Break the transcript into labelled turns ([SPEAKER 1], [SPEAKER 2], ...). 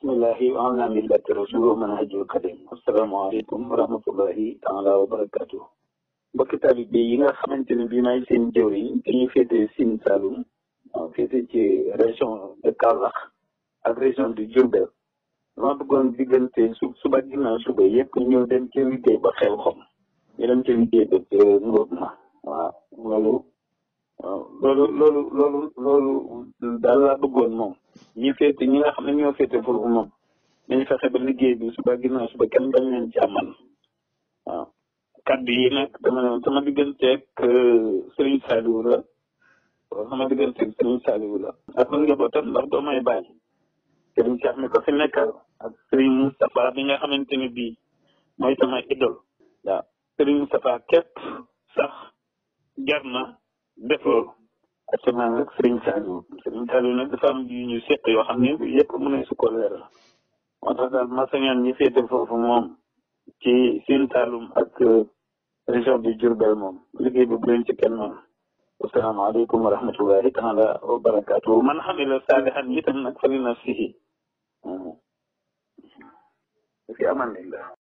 [SPEAKER 1] bismillahi wa ala millati rasul wa manhajul kadim assalaamu aleykum wa rahmatullahi taala wa barakatuh mbokki taalibe yi nga xamante ne bi may seen jëw yi dañuy féete Sine Saloum féete ci région de Kaolack ak région du Diourbel dama bëggoon diggante su suba ginnaaw suba yëpp ñu dem ci liggéey ba xew xom ñu dem ci liggéey ba ci ngóob ma waaw loolu loolu loolu daal laa bëggoon moom ñi féete ñi nga xam ñoo féete pour moom nañ fexe ba liggéey bi suba ginnaaw suba kenn bañ leen ci amal waaw kaddu yi nag dama ne sama digganteeg euh, Serigne Saliou la sama digganteeg Serigne Saliou la ak man njabootam ndax doo may ko fi nekkal ak Moustapha bi nga xamante ne sama idol waaw Serigne Moustapha kep sax jar defo. actuellement nag Serigne Saliou Serigne Saliou nag seq yoo xam ne yëpp mën nañ su ko leeral moo tax foofu moom ci Sine Saloum ak euh, région du Diourbel moom liggéey bi bu leen ci kenn moom asalaamaaleykum wa rahmatullahi taala wa barakaatu man xamila saalihan itam nag fa li
[SPEAKER 2] nafsihi hmm. fi amanillah